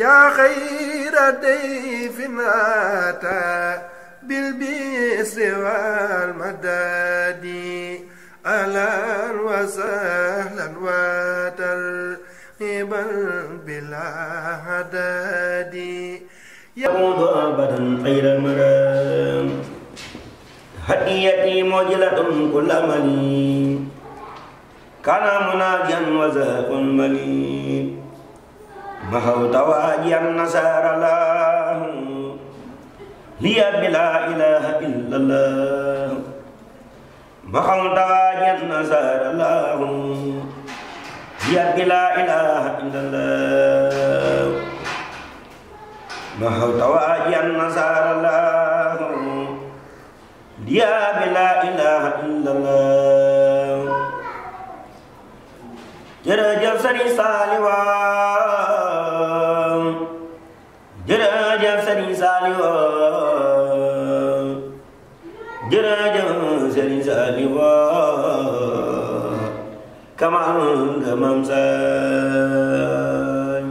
yaa xayra dayfin ataa bil bisri wal madadi ahlan wa sahlan wa tarhiban bilaa hadadi يعود أبدا غير المرام هديتي موجلة كل مليم كان مناجيا وزاق مليم بهوت واجيا النصار الله هي بلا إله إلا الله بهوت واجيا النصار الله هي بلا إله إلا الله بهوت واجيا النصار الله هي بلا إله إلا الله jërëjëf sëriñ Saliwa jërëjëf Serigne Saliou kamaan nga mam sañ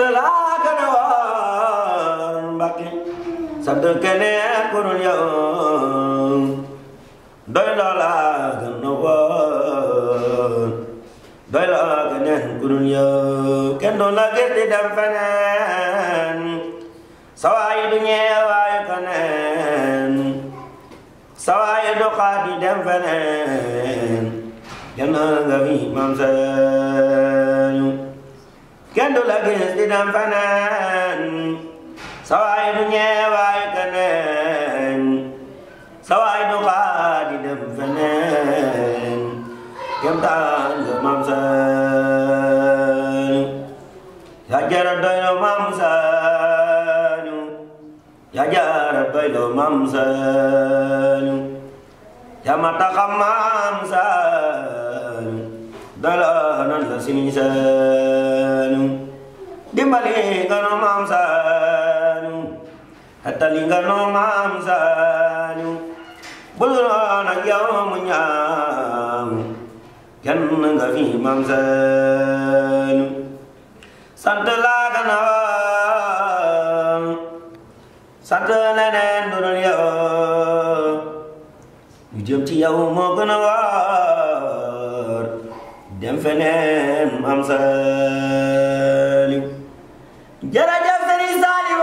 sant laa gën a woon Mbàkke sant keneen ku dul yow dem feneen sawaay du ñeewaay kenn la gis di dem fanaan sa waay du ñeewaay keneen sa waay du xaa kem taan nga maam ya jara doylo maam ya jara doylo maam ya mata xam maam dalaanan sa siniñ saanu dimbali nga noo maam saanu xettali nga noo maam saanu bul noon ak yow mu ñaaw kenn nga fi maam saanu sant laa gana waaw sant leneen du dul yow lu ci yaw moo gën dem feneen maam Saaliw jërëjëf Sëriñ Saaliw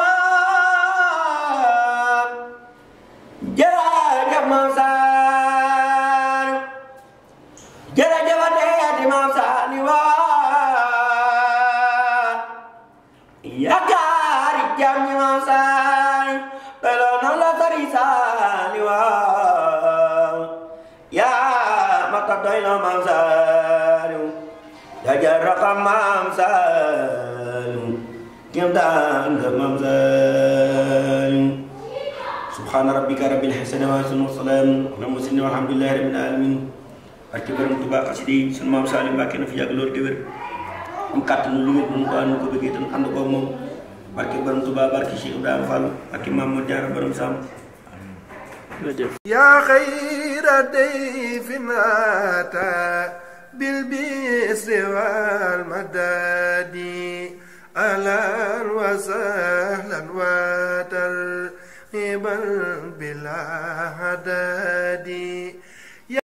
jërëjëf maam Saaliw jërëjëf ateeti maam Saaliw yaakaari jàmm ñi maam yaa ma ko doy na maam jajar rakamam salu kim daan gamam salu subhana rabbika rabbil xasani wa sunu salaam ala muslimiin walhamdulillahi rabbil alamin barke borom Tuubaa xasidi sunu maam Saaliw Mbàkke na fi yàgg loolu te wér am kàttan lu wér ko ànd ko bëggee tan ànd ko moom barke borom Tuubaa barke Cheikh Ibrahima Fall barke Maam Mor Jaara borom Saam yaa xayra dayfin ataa بالبسر والمداد أهلا وسهلا وترحيبا بلا هداد